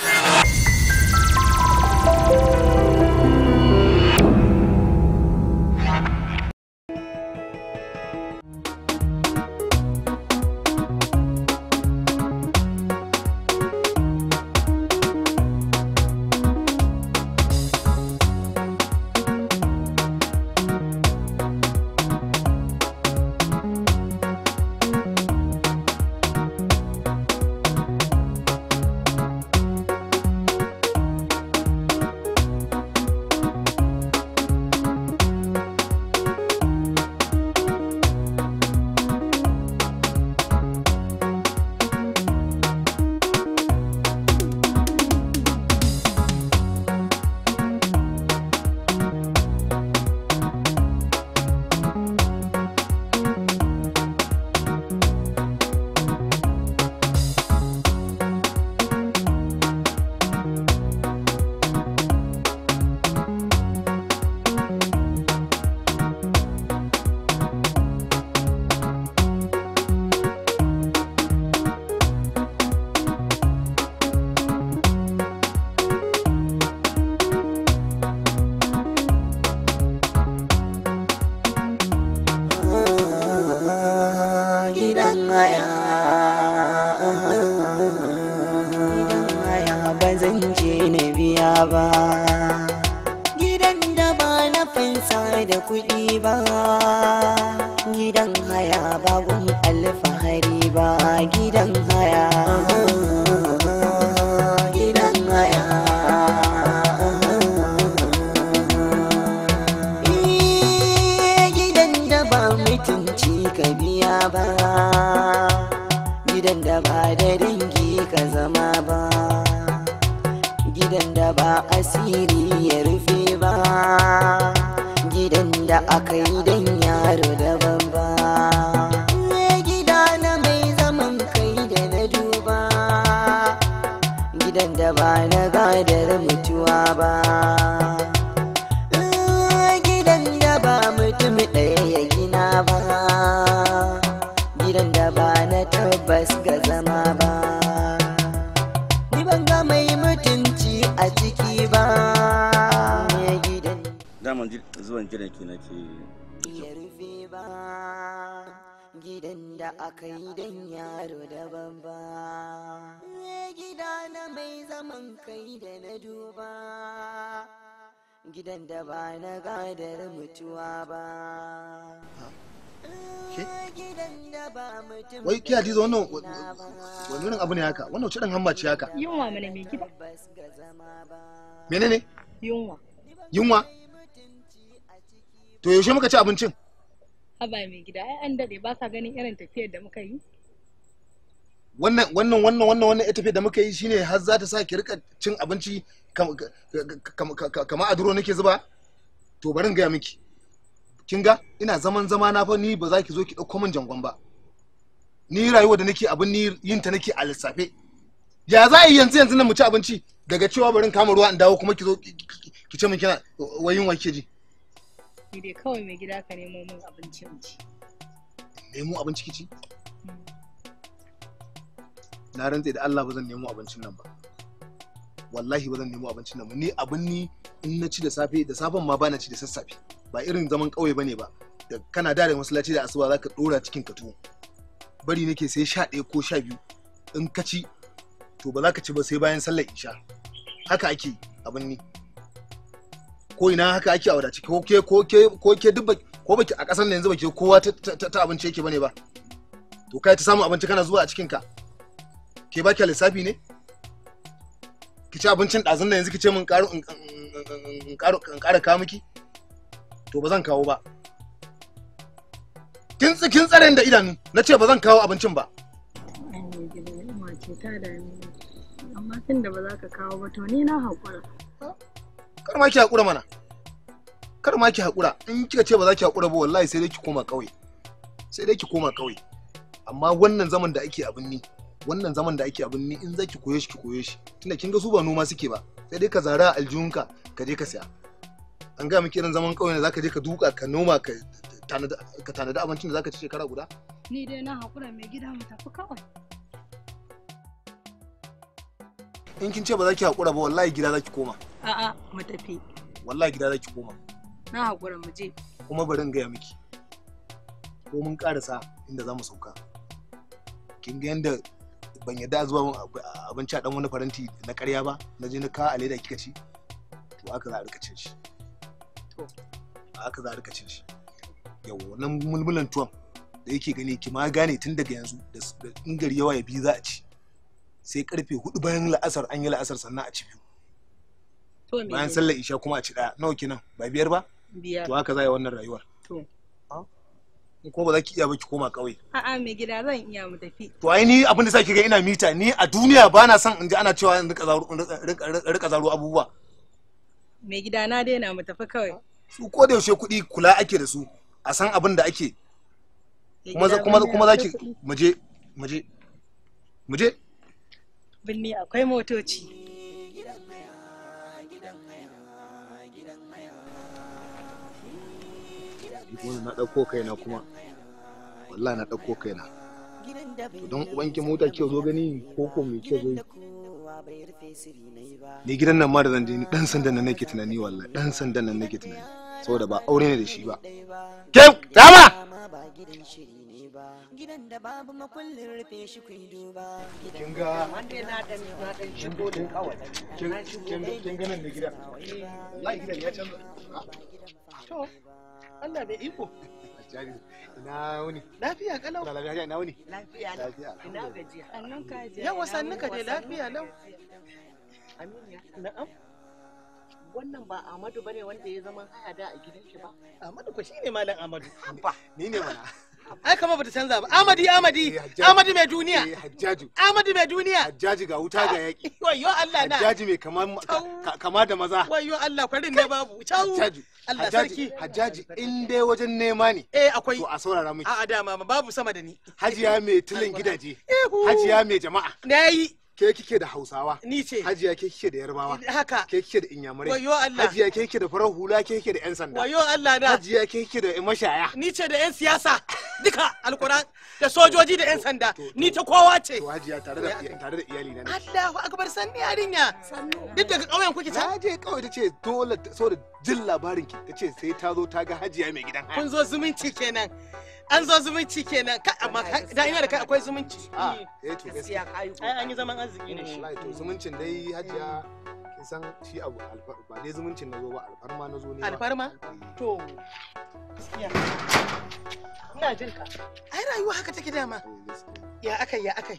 What? zahiri ya rufe ba gidan da aka yi don yaro daban ba gida na mai zaman kai da na duba gidan da ba na gadar mutuwa ba gidan da ba mutum ɗaya ya gina ba gidan da ba na tabbas ga zama ba daman zuwan gidan ki nake ya rufe ba gidan da aka yi dan yaro da babba gida na mai zaman kai da na duba gidan da ba na gadar mutuwa ba wai kiya dizo wannan wani abu ne haka wannan cirin hamba ce haka yunwa mana mai gida menene yunwa yunwa to yaushe muka ci abincin haba mai gida ai an dade ba ka ganin irin tafiyar da muka yi wannan wannan wannan wannan wannan ita tafiyar da muka yi shine har za ta sa ki rika cin abinci kamar a duro nake zuba to bari in gaya miki kin ga ina zaman zama na fa ni ba za ki zo ki ɗauko min jangon ba ni rayuwa da nake abin ni yin ta nake a lissafe ya za a yi yanzu yanzu nan mu ci abinci daga cewa bari in kama ruwa in dawo kuma ki zo ki ce min kina wayin wake ji ni dai kawai mai gida ka nemo min abinci ci nemo abinci kici hmm. na rantse da Allah ba zan nemo abincin nan ba wallahi ba zan nemo abincin nan ba ni abin ni in na ci da safe da safen ma bana ci da sassafe ba irin zaman kauye bane ba da kana da da masallaci da asuba zaka dora cikin ka tuwo bari nake sai sha ɗaya ko sha biyu in ka ci to ba za ka ci ba sai bayan sallar isha haka ake abin ni ko ina haka ake a wadace ko ke ko ke ko ke duk ko baki a kasar yanzu baki kowa ta abinci yake bane ba to kai ta samu abinci kana zuwa a cikin ka ke baki lissafi ne ki ci abincin ɗazun nan yanzu ki ce min in ƙara ka miki to ba zan kawo ba kin kin tsare da idanu na ce ba zan kawo abincin ba amma tun da ba za ka kawo ba to ni na haƙura kar ma ki haƙura mana kar ma ki haƙura in kika ce ba za ki haƙura ba wallahi sai dai ki koma ƙauye sai dai ki koma ƙauye amma wannan zaman da ake abin ni wannan zaman da ake abin ni in za ki koye shi ki koye shi tunda kin ga su ba noma suke ba sai dai ka zara aljihunka ka je ka saya an ga miki irin zaman ƙauye ne za ka je ka duka ka noma ka ka tanada abincin da zaka ci shekara guda? Ni dai na haƙura mai gida mu tafi kawai. In kin ce ba za ki haƙura ba wallahi gida za ki koma. A'a, mu tafi. Wallahi gida zaki ki koma. Na haƙura mu je. Kuma bari in gaya miki. Ko mun ƙarasa inda za mu sauka. Kin ga yanda ban yadda zuwa abinci a ɗan wani faranti na ƙarya ba, na je na kawo a leda kika ci. To aka za a rika cin shi. To. Aka za a rika cin shi. Yau, wannan mulmulan tuwon da yake gani ki ma gane tun daga yanzu da ingar yawa ya bi za a ci. Sai karfe hudu bayan la'asar an yi la'asar sannan a ci biyu. bayan sallar isha kuma a ci daya nawa kenan ba biyar ba biyar to haka za a yi wannan rayuwar to ah. ko ba za ki iya ba ki koma a A'a mai gida zan iya mu tafi. To ai ni abin da sa ki ga ina mita ni a duniya ba na son in ji ana cewa in rika zaro abubuwa. Mai gida na dai na mu tafi kawai. Su ko da yaushe kudi kula ake da su a san abin da ake. Kuma kuma za ki muje muje muje. Binni akwai motoci. wani na ɗauko kaina kuma wallahi na ɗauko kaina don ubanki mota kyau zo gani ko ko mai kyau zo ni gidan nan ma da zan je ni dan sandan nan nake tunani wallahi dan sandan nan nake tunani saboda ba aure ne da shi ba ke dama gidan da babu makullin rufe shi ku duba kin ga na dan na dan shigo din kawai kin ga nan da gidan wallahi gidan ya canza to Allah mai iko ina wuni lafiya kalau lafiya ina wuni lafiya lafiya ina gajiya annan ka je yawa sannu ka dai lafiya lau aminiya na'am wannan ba Amadu bane wanda ya zama hada a gidan shi ba Amadu ko shine malam Amadu ba ni ne mana ai kama bata canza ba amadi amadi eh, amadi mai duniya eh, hajjaju amadi mai duniya hajjaji ga wuta ga yaki wayo Allah na hajjaji mai kama kama da maza wayo Allah kwarin da babu chau Allah sarki hajjaji in dai wajen nema ne eh akwai to a saurara miki a dama babu sama da ni hajiya mai tilin gidaje hajiya mai jama'a nayi ke kike da hausawa ni ce hajiya ke kike da yarbawa haka ke kike da inyamurai wayo Allah hajiya ke kike da farar hula ke kike da yan sanda wayo Allah da hajiya ke kike da mashaya ni ce da yan siyasa duka alquran da sojoji da yan sanda ni ta kowa ce to hajiya tare da tare da iyali na Allahu akbar sanni yarinya duk daga kauyen kuke ta hajiya kauye tace dole da jin labarin ki tace sai ta zo ta ga hajiya mai gidan kun zo zumunci kenan an zo zumunci kenan amma da ina da kai akwai zumunci eh ah. to gaskiya ai an yi zaman arziki ne shi to zumuncin dai hajiya kin san shi abu ba dai zumuncin na zo ba alfarma na zo ne alfarma eh. to gaskiya ina jin ka ai rayuwa haka take dama eh, ya akai ya akai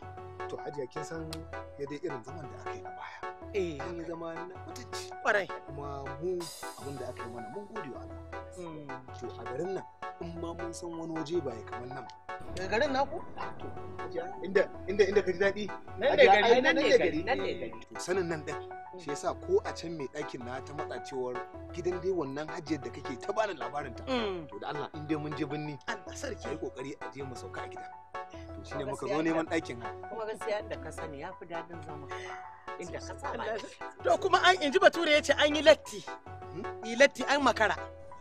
to hajiya kin san ya dai irin zaman da akai eh an yi zama na mutunci kwarai kuma mu abin da aka yi mana mun gode wa Allah hmm. to a garin nan in ma mun san wani waje ba ya kamar nan daga garin naku inda inda inda ka ji daɗi nan ne gari nan ne gari nan ne gari sanin nan ɗin shi yasa ko a can mai ɗakin na ta matsa cewar gidan dai wannan hajiyar da kake ta bani labarin ta mm. to da Allah in dai mun je binni Allah sarki yayi kokari a je mu sauka a gida to shine muka zo neman ɗakin ha kuma gaskiya da ka sani yafi daɗin zama inda ka saba to kuma an inji bature yace an yi latti hmm? latti an makara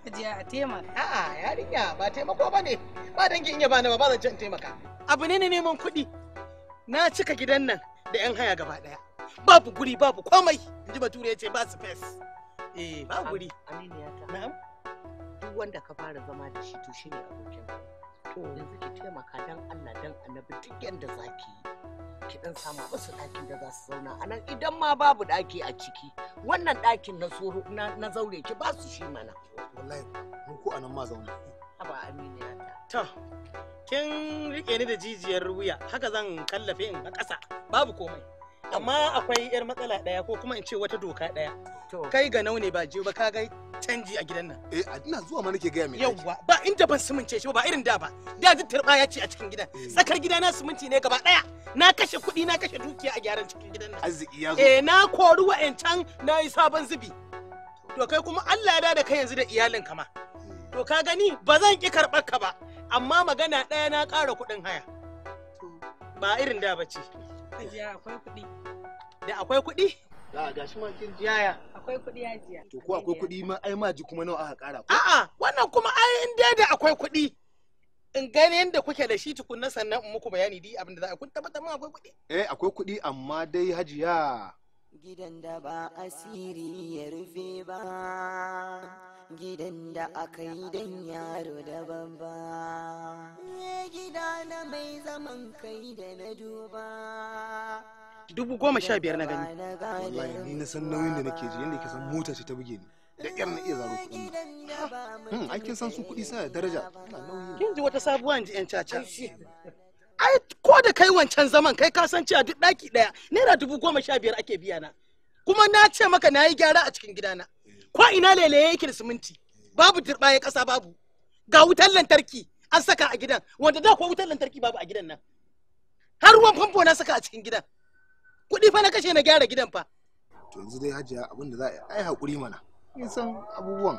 Ajiya a taimaka. A'a yarinya ba taimako ba ne. Ba dangin in bani ba ba zan taimaka. Abu ne ne neman kuɗi. Na cika gidan nan da 'yan haya gaba ɗaya. Babu guri babu komai. In ji Bature ya ce ba space. Eh babu guri. Aminu ya ta. Na'am. Duk wanda ka fara zama da shi to shine abokin. to yanzu ki taimaka dan Allah dan annabi duk yanda zaki yi ki dan samu musu dakin da za su zauna anan idan ma babu daki a ciki wannan dakin na tsoro na zaure ki ba su shi mana wallahi mun ku anan ma zauna haba amina ta kin rike ni da jijiyar wuya haka zan kallafe in ga ƙasa babu komai amma akwai yar matsala daya ko kuma in ce wata doka daya kai ga ne ba je ba ka ga canji a gidan nan eh ina zuwa ma nake gaya mai yawa ba inda ban sumunce shi ba irin da ba da zai turba ya ce a cikin gidan eh. tsakar gida na suminti ne gaba daya na kashe kuɗi na kashe dukiya a gyaran cikin gidan nan arziki ya zo eh na kori wa'ancan na yi sabon zubi to kai kuma Allah ya da kai yanzu da iyalin ma eh. to ka gani ba zan ki karɓar ka ba amma magana ɗaya na ƙara kuɗin haya ba irin da ba ce hajiya akwai kuɗi. Da akwai kuɗi? Da ga shi ma kin ji yaya. Akwai kuɗi hajiya. To ko akwai kuɗi ma ai ma ji kuma nawa aka ƙara. A'a wannan kuma ai in dai da akwai kuɗi. In gane yadda kuke da shi tukunna sannan in muku bayani di abin da za a kun tabbatar mun akwai kuɗi. Eh akwai kuɗi amma dai hajiya. Gidan da ba asiri ya rufe ba. gidan da aka yi don yaro da babba ne gida na mai zaman kai da na duba dubu goma sha biyar na gani wallahi ni na san nauyin da nake ji yadda ke san mota ce ta buge ni da ƙyar na iya zaro kuɗin nan hmm, kin san su kuɗi sa da daraja kin ji wata sabuwa in ji yan caca ai ko da kai wancan zaman kai ka san cewa duk ɗaki ɗaya naira dubu goma sha biyar ake biya na kuma na ce maka na yi gyara a cikin gidana ko ina lele yake da siminti babu turɓaya ƙasa babu ga wutar lantarki an saka a gidan wanda da ko wutar lantarki babu a gidan nan har ruwan famfo na saka a cikin gidan kuɗi fa na kashe na gyara gidan fa to yanzu dai hajiya abin da za a yi haƙuri mana kin san abubuwan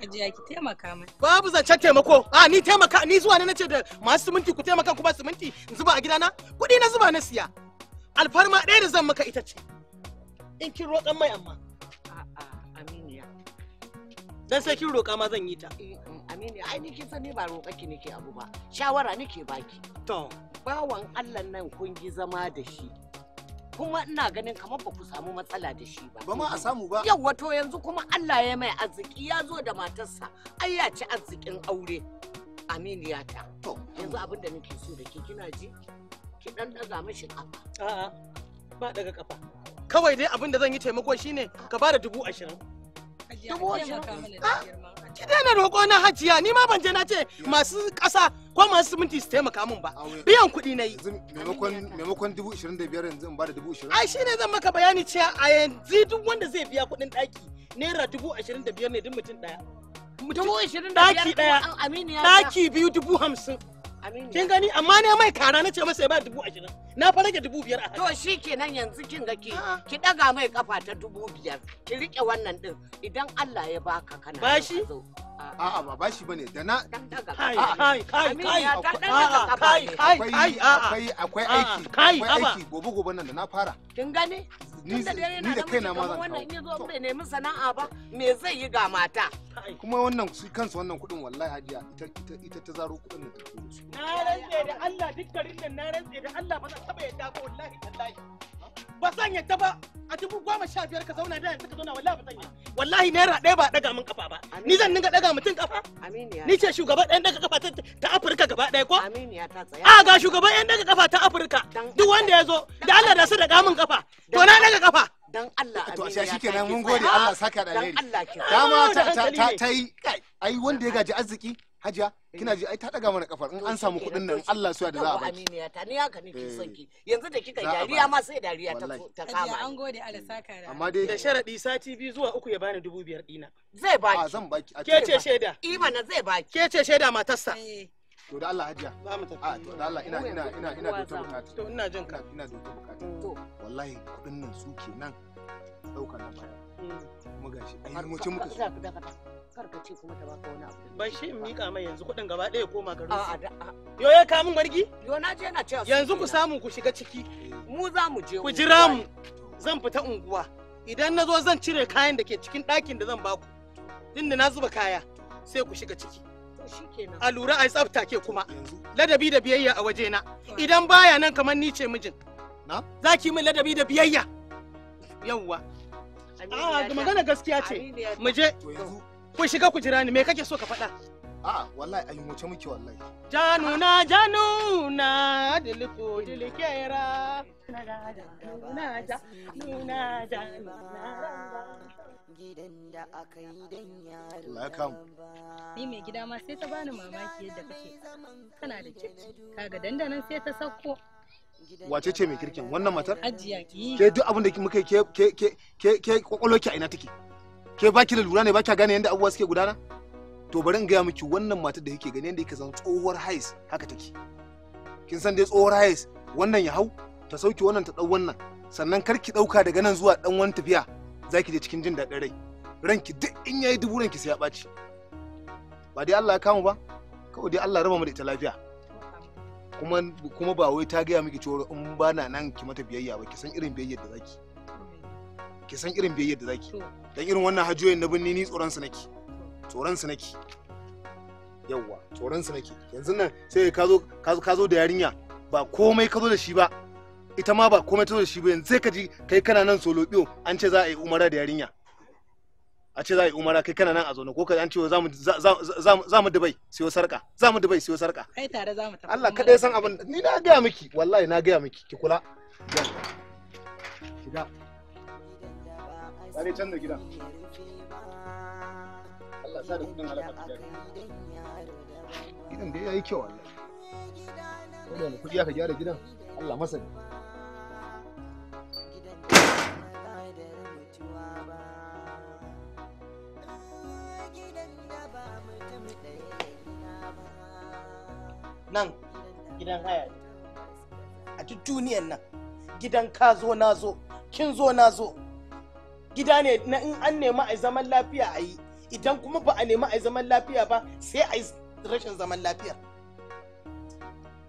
hajiya ki taimaka mai babu zancen taimako a ni taimaka ni zuwa ne na ce da masu siminti ku taimaka ku ba siminti in zuba a gidana kuɗi na zuba na siya alfarma ɗaya da zan maka ita ce in kin roƙan mai amma dan sai kin roƙa ma zan yi ta mm, mm, amini ai ni kin sani ba roƙa ki nake abu ba shawara nake baki to bawan Allah nan kun gi zama da shi kuma ina ganin kamar ba ku samu matsala da shi ba. Ba ma a samu ba. Yau wato yanzu kuma Allah ya mai arziki ya zo da matarsa ai ya ci arzikin aure. Aminiya ta. To yanzu abin da nake so da ke kina ji ki dan daga mishi kafa. A'a ba daga kafa. Kawai dai abin da zan yi taimako shine ka bada dubu ashirin. dubu ashirin ki daina roƙo na hajiya ni ma ban je na ce masu ƙasa ko masu siminti su taimaka min ba biyan kuɗi na yi maimakon dubu ishirin da biyar yanzu in ba da dubu ishirin ai shine zan maka bayani cewa a yanzu duk wanda zai biya kuɗin ɗaki naira dubu ashirin da biyar ne duk mutum ɗaya dubu ashirin da biyar aminu ya ɗaki biyu dubu hamsin kin gani amma ne mai kara na ce masa ya ba dubu ashirin na fara rage dubu biyar to shi kenan yanzu kin ga ke ki daga ah. mai kafa ta dubu biyar ki rike wannan din idan Allah ya baka kana bashi a'a ba bashi bane da na kai kai kai kai kai akwai akwai aiki akwai aiki gobe gobe nan da na fara kin gani. ni da dare na namiji kamar wannan in yazo bai nemi sana'a ba me zai yi ga mata kuma wannan su kansu wannan kudin wallahi hajiya ita ta zaro kudin da ta koro su na rantse da Allah duk nan na rantse da Allah ba zan taba yadda ba wallahi tallahi ba san yadda ba a dubu goma sha biyar ka zauna da yanzu ka zauna wallahi ba zan yi wallahi naira ɗaya ba daga min kafa ba ni zan dinga daga mutum kafa ni ce shugaban ɗayan daga kafa ta afirka gaba ɗaya ko a ga shugaban ɗayan daga kafa ta afirka duk wanda ya zo da allah da su daga min kafa to na daga kafa dan Allah to a shi kenan mun gode Allah saka da alheri dama ta ta ta yi ai wanda ya gaji arziki hajiya kina eh. ji ai ta daga mana kafar in an samu eh, kudin nan Allah ya da za a baki aminiya ta ni haka nake son eh. ki yanzu da kika dariya ma sai dariya ta ta kama an gode Allah saka ra amma dai da sharadi sati biyu zuwa uku ya bani dubu biyar dina zai baki a zan baki ke ce shaida imana zai baki ke ce shaida matarsa to da Allah hajiya za mu tafi a to da Allah ina ina ina ina da ta bukata to ina jin ka ina da bukata mm. to wallahi kudin nan su kenan daukar na baya mu mm. gashi ai mu ce muka za ku kar ka ce kuma ta baka wani abu ban shi in mika mai yanzu kudin gaba ɗaya koma garin a a yo ya mun margi yo na je na ce yanzu ku samu ku shiga ciki eh. mu za mu je ku jira mu zan fita unguwa idan na zo zan cire kayan da ke cikin ɗakin da zan baku tunda na zuba kaya sai ku shiga ciki a lura a tsafta ke kuma ladabi da biyayya a waje na idan baya nan kamar ni ce mijin za ki min ladabi da biyayya yawwa a ah, magana gaskiya ce mu je ku shiga ku jira ni me kake so ka faɗa a wallahi an yi wallahi januna januna dilikera. januna januna gidan da aka yi yaro ta bani wace ce mai kirkin wannan matar ajiya ki ke duk abin da muka ke ke a ina take ke baki da lura ne baki gane yadda abubuwa suke gudana to bari in gaya miki wannan matar da kike gani yadda yake zan tsohuwar hais haka take kin san dai tsohuwar hais wannan ya hau ta sauki wannan ta dau wannan sannan kar ki dauka daga nan zuwa dan wani tafiya zaki je cikin jin daɗin rai ranki duk in yayi dubu ranki sai ya ɓaci ba dai Allah ya kama ba kawai dai Allah raba mu da ita lafiya kuma kuma ba wai ta gaya miki cewa in ba na nan ki mata biyayya ba ki san irin biyayyar da zaki ki san irin biyayyar da zaki dan irin wannan hajoyin na binni ni tsoron su nake tsoron nake yawwa tsoron nake yanzu nan sai ka zo ka zo da yarinya ba komai ka zo da shi ba ita ma ba komai ta zo da shi ba yanzu sai ka ji kai kana nan solobiyo an ce za a yi umara da yarinya a ce za a yi umara kai kana nan a zaune ko ka an ce za mu dubai siyo sarka za mu dubai siyo sarka kai tare za mu tafi Allah dai san abin ni na gaya miki wallahi na gaya miki ki kula shiga can da gida sa da kudin halaka gidan da yayi kyau wallahi ko kudi aka gyara gidan Allah masa ne nan gidan haya a duk duniyar nan gidan ka zo na zo kin zo na zo gida ne na in an nema a zaman lafiya a yi idan kuma ba a nemi a yi zaman lafiya ba sai a yi rashin zaman lafiyar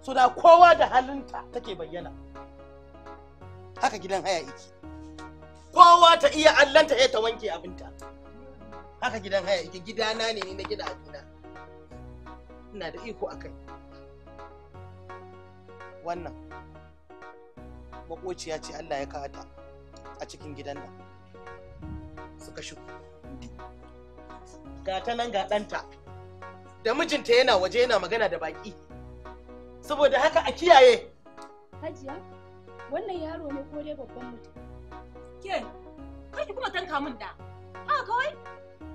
so da kowa da halinta take bayyana haka gidan haya iki kowa ta iya allanta ya eh, ta wanke abinta haka gidan haya iki gidana ne na gida gida ina da iko akai wannan makociya ce Allah ya kata a cikin gidan nan suka shi ga ta nan ga ɗanta da mijinta yana waje yana magana da baƙi saboda haka a kiyaye hajiya wannan yaro ne ko dai babban mutum ke kai kuma tanka min da haka kawai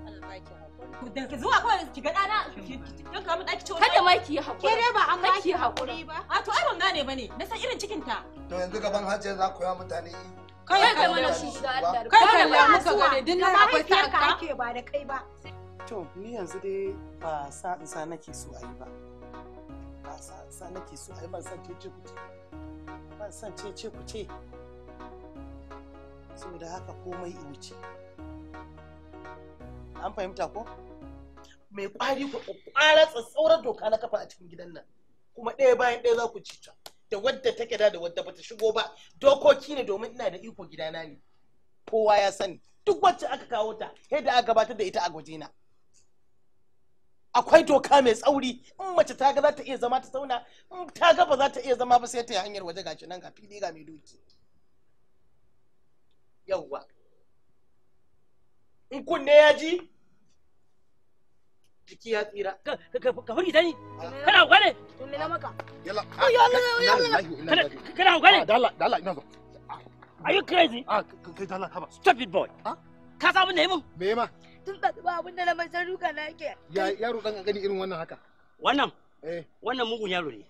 Allah ki hakuri da zuwa kawai ki ga ɗana ki tanka min ɗaki ciwo kada ma ki yi hakuri ke ba amma ki yi hakuri ba a to ai ban gane bane na san irin cikinta to yanzu gaban hajiya za ku ya mutane ihu kai kai mana shi kai kai muka gane din nan akwai sa ka ake ba da kai ba to ni yanzu dai ba sa in sa nake so ayi ba ba sa sa nake so ayi ban san ce kuce ban san cece kuce saboda haka komai in wuce an fahimta ko mai kwari ku kwara tsatsauran doka na kafa a cikin gidan nan kuma ɗaya bayan ɗaya za ku ci ta da wadda ta da da wadda bata shigo ba dokoki ne domin ina da iko gidana ne kowa ya sani duk wacce aka kawo ta da aka gabatar da ita a gwajena akwai doka mai tsauri in mace ta ga za ta iya zama ta zauna in ta ga ba za ta iya zama ba sai ta yi hanyar waje gashi nan ga fili ga mai doki yauwa in kunne ya ji jiki ya tsira. Ka furi dani. Ah. Kana hauka ne? To me na maka? Yalla. Ah, yalla yalla. Kana hauka ne? Ah, dala, dala ina zo. Are you crazy? Ah, kai dala haba. Stupid boy. Ka sabu ne mu? Me ma? Tun da ba abun da na mai san ruka na yake. Ya yaro dan gani irin wannan haka. Wannan? Eh. Wannan mugun yaro ne.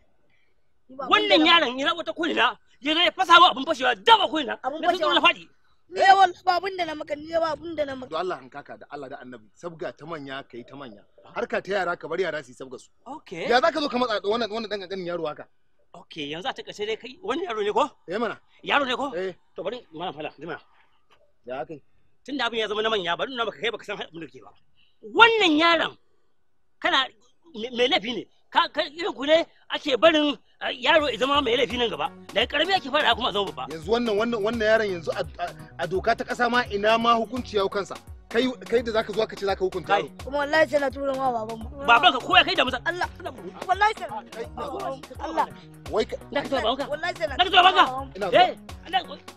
Wannan yaron ina wata kulina. Yana ya fasa wa abin fashewa daba kulina. Abin fashewa. Na faɗi. eh wallahi da na maka ni ba da na maka to Allah hankaka da Allah da annabi sabga ta manya kai ta manya harka ta yara ka bar yara su sabga su okay ya zaka zo ka matsa wannan wannan dan yaro haka okay yanzu a takaice dai kai wani yaro ne ko eh mana yaro ne ko eh to bari mana fala dima ya kai tunda abin ya zama na manya bari na maka kai baka san ba wannan yaron kana me laifi ne ka irin ku ne ake barin yaro ya zama mai laifi nan gaba daga karami ake fara kuma zama babba yanzu wannan wannan wannan yaron yanzu a doka ta kasa ma ina ma hukunci ya kansa kai kai da zaka zo ka ce zaka hukunta yaro kuma wallahi sai na tura ma baban mu baban ka koya kai da musa Allah wallahi sai Allah wai ka da ka tura baban ka wallahi sai da ka tura baban ka eh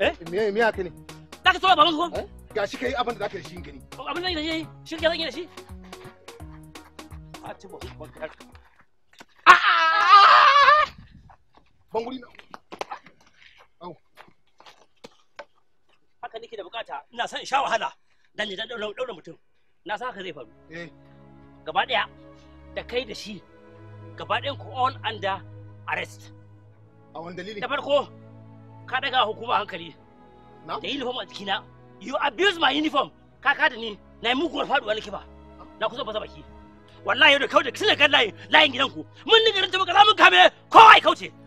eh me me haka ne da eh? ka tura baban ka gashi kai abin da zaka shi gani abin da shi ke zan yi ban guri na au haka nake da bukata ina son in sha wahala dan da daura mutum na san haka zai faru eh gaba daya da kai da shi gaba ɗayan ku all under arrest a wani dalili da farko ka daga hukuma hankali da uniform a jikina you abuse my uniform ka ka da ni na yi muguwar faduwa nake ba na kusa baza baki wallahi yau da kawai da kisa da kan layin ku. mun ni garin jama'a mun kame kowa ya kauce